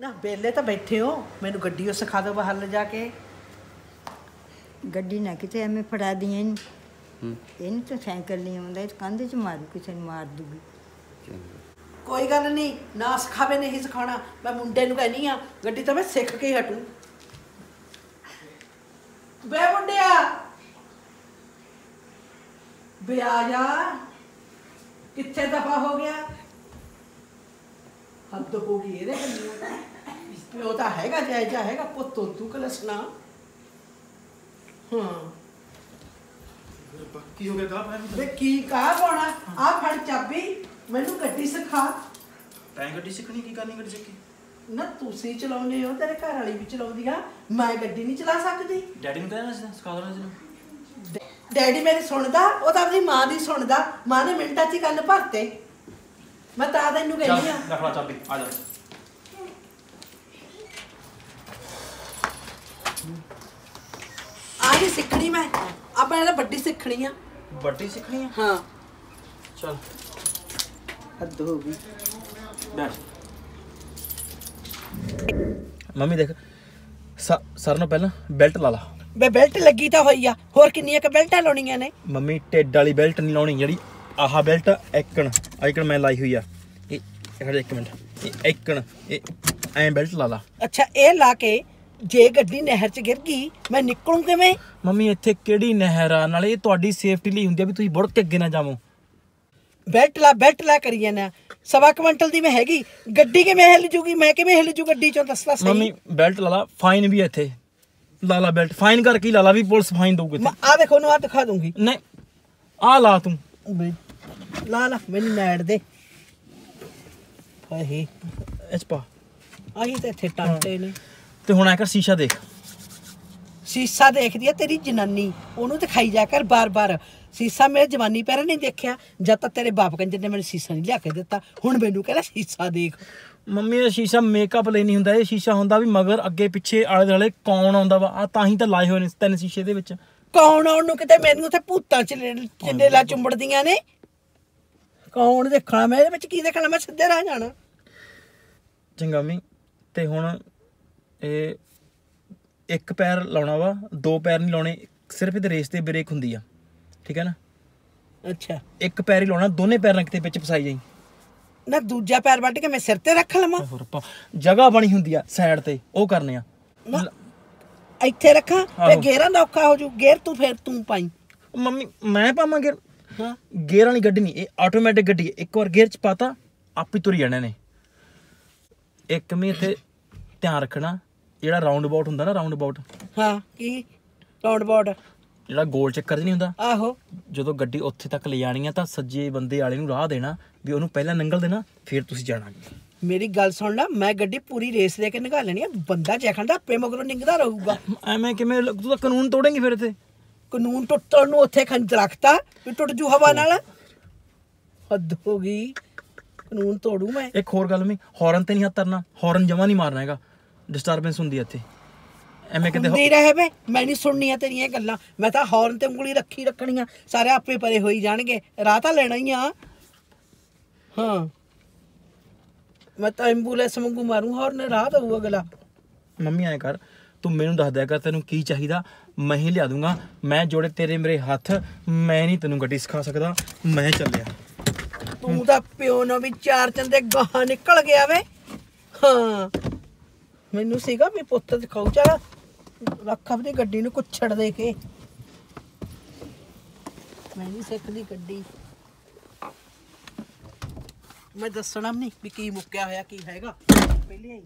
ਨਾ ਬੇਲੇ ਤਾਂ ਬੈਠੇ ਹੋ ਮੈਨੂੰ ਗੱਡੀ ਉਹ ਸਿਖਾ ਦਿਓ ਬਾਹਰ ਜਾ ਕੇ ਗੱਡੀ ਨਾ ਕਿਤੇ ਐਵੇਂ ਫੜਾ ਹੂੰ ਇਹਨੂੰ ਤਾਂ ਸਾਈਕਲ ਨਹੀਂ ਆਉਂਦਾ ਇਹ ਕੰਧ 'ਚ ਮਾਰੂ ਕਿਸੇ ਨੂੰ ਮਾਰ ਦੂਗੀ ਕੋਈ ਗੱਲ ਨਹੀਂ ਨਾ ਸਿਖਾਵੇ ਨਹੀਂ ਸਿਖਾਣਾ ਮੈਂ ਮੁੰਡੇ ਨੂੰ ਕਹਿੰਨੀ ਆ ਗੱਡੀ ਤਾਂ ਮੈਂ ਸਿੱਖ ਕੇ ਹੀ ਹਟੂ ਬੇ ਮੁੰਡਿਆ ਬਿਆਜਾ ਕਿੱਥੇ ਦਫਾ ਹੋ ਗਿਆ ਹੱਦ ਹੋ ਗਈ ਇਹਦੇ ਕੰਨੀ ਪਿਓ ਤਾਂ ਹੈਗਾ ਜਾਇਜਾ ਹੈਗਾ ਪੁੱਤ ਤੂੰ ਕਲਸਣਾ ਹਾਂ ਕੀ ਹੋ ਗਿਆ ਦਾ ਪਾਇਆ ਵੇ ਕੀ ਕਾ ਪਾਣਾ ਆ ਫੜ ਚਾਬੀ ਮੈਨੂੰ ਗੱਡੀ ਸਿਖਾ ਤੈਂ ਗੱਡੀ ਸਿੱਖਣੀ ਕੀ ਕਰਨੀ ਗੱਡੀ ਸਿੱਖੀ ਨਾ ਤੁਸੀਂ ਚਲਾਉਂਦੇ ਹੋ ਤੇਰੇ ਘਰ ਵਾਲੀ ਵੀ ਚਲਾਉਂਦੀ ਆ ਮੈਂ ਗੱਡੀ ਨਹੀਂ ਚਲਾ ਸਕਦੀ ਡੈਡੀ ਨੂੰ ਕਹਿਣਾ ਸੀ ਸਿਖਾ ਦੇਣਾ ਸੀ ਡੈਡੀ ਮੇਰੀ ਸੁਣਦਾ ਉਹ ਤਾਂ ਆਪਣੀ ਮਾਂ ਦੀ ਸੁਣਦਾ ਮਾਂ ਨੇ ਮਿੰਟਾਂ 'ਚ ਹੀ ਗੱਲ ਭਰਤੇ ਮੈਂ ਤਾਂ ਤੈਨੂੰ ਕਹਿੰਦੀ ਆ ਰੱਖ ਲਾ ਚਾਬੀ ਆ ਜਾ ਆ ਜੀ ਸਿੱਖਣੀ ਮੈਂ ਆਪਾਂ ਇਹਦਾ ਵੱਡੀ ਸਿੱਖਣੀ ਆ ਵੱਡੀ ਸਿੱਖਣੀ ਆ ਹਾਂ ਚਲ ਹੱਦ ਹੋ ਗਈ ਬੈਠ ਮੰਮੀ ਦੇਖ ਸਰ ਨੂੰ ਪਹਿਲਾਂ ਬੈਲਟ ਲਾ ਲਾ ਬੇ ਬੈਲਟ ਲੱਗੀ ਤਾਂ ਹੋਈ ਆ ਹੋਰ ਕਿੰਨੀਆਂ ਕ ਬੈਲਟਾਂ ਲਾਉਣੀਆਂ ਨੇ ਮੰਮੀ ਟੇਡ ਵਾਲੀ ਬੈਲਟ ਨਹੀਂ ਲਾਉਣੀ ਜਿਹੜੀ ਆਹ ਬੈਲਟ ਐਕਣ ਐਕਣ ਮੈਂ ਲਾਈ ਹੋਈ ਆ ਇਹ ਹਰ ਇੱਕ ਮਿੰਟ ਇਹ ਐਕਣ ਇਹ ਐਂ ਬੈਲਟ ਲਾ ਲਾ ਅੱਛਾ ਇਹ ਲਾ ਕੇ ਜੇ ਗੱਡੀ ਨਹਿਰ 'ਚ ਗਿਰ ਗਈ ਮੈਂ ਨਿਕਲੂ ਕਿਵੇਂ ਮੰਮੀ ਇੱਥੇ ਕਿਹੜੀ ਨਹਿਰ ਆ ਨਾਲੇ ਇਹ ਤੁਹਾਡੀ ਸੇਫਟੀ ਲਈ ਹੁੰਦੀ ਆ ਵੀ ਤੁਸੀਂ ਬੁੜ ਕੇ ਅੱਗੇ ਨਾ ਜਾਵੋ ਬੈਲਟ ਲਾ ਬੈਲਟ ਲਾ ਕਰੀ ਜਾਣਾ ਸਵਾ ਕੁਇੰਟਲ ਦੀ ਮੈਂ ਹੈਗੀ ਗੱਡੀ ਕਿਵੇਂ ਹਿੱਲ ਜੂਗੀ ਮੈਂ ਕਿਵੇਂ ਹਿੱਲ ਜੂ ਗੱਡੀ ਚੋਂ ਦੱਸਦਾ ਸਹੀ ਮੰਮੀ ਬੈਲਟ ਲਾ ਲਾ ਫਾਈਨ ਵੀ ਇੱਥੇ ਲਾ ਲਾ ਬੈਲਟ ਫਾਈਨ ਕਰਕੇ ਲਾ ਲਾ ਵੀ ਪੁਲਿਸ ਫਾਈਨ ਤੇ ਆ ਦੇਖੋ ਨੂੰ ਆ ਦਿਖਾ ਦੂੰਗੀ ਨਹੀਂ ਆ ਲਾ ਤੂੰ ਬਈ ਲਾ ਲਾ ਮੈਨੂੰ ਨੈਟ ਦੇ ਹਾਏ ਇਸ ਪਾ ਆਹੀ ਤੇ ਇੱਥੇ ਟਾਂਟੇ ਨੇ ਤੇ ਹੁਣ ਆ ਕਰ ਸ਼ੀਸ਼ਾ ਦੇਖ ਸੀਸਾ ਦੇਖਦੀ ਆ ਤੇਰੀ ਜਨਾਨੀ ਉਹਨੂੰ ਦਿਖਾਈ ਜਾ ਕਰ ਬਾਰ-ਬਾਰ ਸੀਸਾ ਮੇਰੇ ਜਵਾਨੀ ਪਹਿਰ ਨਹੀਂ ਦੇਖਿਆ ਜਦ ਤੱਕ ਤੇਰੇ ਬਾਪ ਕੰਜਰ ਨੇ ਮੈਨੂੰ ਸੀਸਾ ਨਹੀਂ ਲਿਆ ਕੇ ਦਿੱਤਾ ਹੁਣ ਮੈਨੂੰ ਕਹਿੰਦਾ ਸੀਸਾ ਦੇਖ ਮੰਮੀ ਦਾ ਸ਼ੀਸ਼ਾ ਮੇਕਅਪ ਲਈ ਨਹੀਂ ਹੁੰਦਾ ਇਹ ਸ਼ੀਸ਼ਾ ਹੁੰਦਾ ਵੀ ਮਗਰ ਅੱਗੇ ਪਿੱਛੇ ਆਲੇ ਦੁਆਲੇ ਕੌਣ ਆਉਂਦਾ ਵਾ ਆ ਤਾਂ ਹੀ ਤਾਂ ਲਾਏ ਹੋਏ ਨੇ ਤਿੰਨ ਸ਼ੀਸ਼ੇ ਦੇ ਵਿੱਚ ਕੌਣ ਆਉਣ ਨੂੰ ਕਿਤੇ ਮੈਨੂੰ ਉੱਥੇ ਭੂਤਾਂ ਚ ਲਾ ਚੁੰਬੜਦੀਆਂ ਨੇ ਕੌਣ ਦੇਖਣਾ ਮੈਂ ਇਹਦੇ ਵਿੱਚ ਕੀ ਦੇਖਣਾ ਮੈਂ ਸਿੱਧੇ ਰਾਹ ਜਾਣਾ ਚੰਗਾ ਮੀ ਤੇ ਹੁਣ ਇਹ ਇੱਕ ਪੈਰ ਲਾਉਣਾ ਵਾ ਦੋ ਪੈਰ ਨਹੀਂ ਲਾਉਣੇ ਸਿਰਫ ਇਹਦੇ ਰੇਸ ਤੇ ਬ੍ਰੇਕ ਹੁੰਦੀ ਆ ਠੀਕ ਹੈ ਨਾ ਅੱਛਾ ਇੱਕ ਪੈਰ ਹੀ ਲਾਉਣਾ ਦੋਨੇ ਪੈਰ ਕਿਤੇ ਤੇ ਵਿੱਚ ਫਸਾਈ ਜਾਈ ਨਾ ਦੂਜਾ ਪੈਰ ਵੱਢ ਕੇ ਮੈਂ ਸਿਰ ਤੇ ਰੱਖ ਲਵਾਂ ਹੋਰ ਪਾ ਜਗ੍ਹਾ ਬਣੀ ਹੁੰਦੀ ਆ ਸਾਈਡ ਤੇ ਉਹ ਕਰਨੇ ਆ ਇੱਥੇ ਰੱਖਾਂ ਤੇ ਗੇਰਾਂ ਦਾ ਔਖਾ ਹੋ ਜੂ ਗੇਰ ਤੂੰ ਫੇਰ ਤੂੰ ਪਾਈ ਮੰਮੀ ਮੈਂ ਪਾਵਾਂ ਗੇਰ ਹਾਂ ਗੇਅਰ ਵਾਲੀ ਗੱਡੀ ਨਹੀਂ ਇਹ ਆਟੋਮੈਟਿਕ ਗੱਡੀ ਹੈ ਇੱਕ ਵਾਰ ਗੇਅਰ ਚ ਪਾਤਾ ਆਪ ਹੀ ਤੁਰ ਜਾਣੇ ਨੇ ਇੱਕ ਮੇ ਇੱਥੇ ਧਿਆਨ ਰੱਖਣਾ ਜਿਹੜਾ ਰਾਉਂਡ ਅਬਾਊਟ ਹੁੰਦਾ ਨਾ ਰਾਉਂਡ ਅਬਾਊਟ ਹਾਂ ਕੀ ਰਾਉਂਡ ਅਬਾਊਟ ਜਿਹੜਾ ਗੋਲ ਚੱਕਰ ਨਹੀਂ ਹੁੰਦਾ ਆਹੋ ਜਦੋਂ ਗੱਡੀ ਉੱਥੇ ਤੱਕ ਲੈ ਜਾਣੀ ਆ ਤਾਂ ਸੱਜੇ ਬੰਦੇ ਵਾਲੇ ਨੂੰ ਰਾਹ ਦੇਣਾ ਵੀ ਉਹਨੂੰ ਪਹਿਲਾਂ ਨੰਗਲ ਦੇਣਾ ਫਿਰ ਤੁਸੀਂ ਜਾਣਾ ਮੇਰੀ ਗੱਲ ਸੁਣ ਲੈ ਮੈਂ ਗੱਡੀ ਪੂਰੀ ਰੇਸ ਦੇ ਕੇ ਨਿਕਾਲ ਲੈਣੀ ਆ ਬੰਦਾ ਜੈਖਣ ਦਾ ਪੇ ਮਗਰੋਂ ਨਿੰਗਦਾ ਰਹੂਗਾ ਐਵੇਂ ਕਿਵੇਂ ਤੂੰ ਤਾਂ ਕਾਨੂੰਨ ਤੋੜੇਂਗੀ ਫਿਰ ਇੱਥੇ ਕਾਨੂੰਨ ਟੁੱਟਣ ਨੂੰ ਉੱਥੇ ਖੰਜ ਰੱਖਤਾ ਵੀ ਟੁੱਟ ਜੂ ਹਵਾ ਨਾਲ ਹੱਦ ਹੋ ਗਈ ਕਾਨੂੰਨ ਤੋੜੂ ਮੈਂ ਇੱਕ ਹੋਰ ਗੱਲ ਮੈਂ ਹੌਰਨ ਤੇ ਨਹੀਂ ਹੱਥ ਧਰਨਾ ਹੌਰਨ ਜਮਾ ਨਹੀਂ ਮਾਰਨਾ ਹੈਗਾ ਡਿਸਟਰਬੈਂਸ ਹੁੰਦੀ ਹੈ ਇੱਥੇ ਐਵੇਂ ਕਿਤੇ ਹੁੰਦੀ ਰਹੇ ਵੇ ਮੈਂ ਨਹੀਂ ਸੁਣਨੀਆਂ ਤੇਰੀਆਂ ਗੱਲਾਂ ਮੈਂ ਤਾਂ ਹੌਰਨ ਤੇ ਉਂਗਲੀ ਰੱਖੀ ਰੱਖਣੀਆਂ ਸਾਰੇ ਆਪੇ ਪਰੇ ਹੋਈ ਜਾਣਗੇ ਰਾਹ ਤਾਂ ਲੈਣਾ ਹੀ ਆ ਹਾਂ ਮੈਂ ਤਾਂ ਐਂਬੂਲੈਂਸ ਵਾਂਗੂ ਮਾਰੂ ਹੌਰਨ ਰਾਹ ਦਊ ਅਗਲਾ ਮੰਮੀ ਆਏ ਕਰ ਤੂੰ ਮੈਨੂੰ ਦੱਸ ਦਿਆ ਕਰ ਤੈਨੂੰ ਕੀ ਚਾਹੀਦਾ ਮੈਂ ਹੀ ਲਿਆ ਦੂੰਗਾ ਮੈਂ ਜੋੜੇ ਤੇਰੇ ਮੇਰੇ ਹੱਥ ਮੈਂ ਨਹੀਂ ਤੈਨੂੰ ਗੱਡੀ ਸਿਖਾ ਸਕਦਾ ਮੈਂ ਚੱਲਿਆ ਤੂੰ ਤਾਂ ਪਿਓ ਨਾ ਵੀ ਚਾਰ ਚੰਦੇ ਗਾਹ ਨਿਕਲ ਗਿਆ ਵੇ ਹਾਂ ਮੈਨੂੰ ਸੀਗਾ ਵੀ ਪੁੱਤ ਦਿਖਾਉ ਚਲ ਰੱਖ ਆਪਣੀ ਗੱਡੀ ਨੂੰ ਕੁੱਛੜ ਦੇ ਕੇ ਮੈਂ ਨਹੀਂ ਸਿੱਖਦੀ ਗੱਡੀ ਮੈਂ ਦੱਸਣਾ ਨਹੀਂ ਵੀ ਕੀ ਮੁੱਕਿਆ ਹੋਇਆ ਕੀ ਹੈਗਾ ਪਹਿਲੇ ਹੀ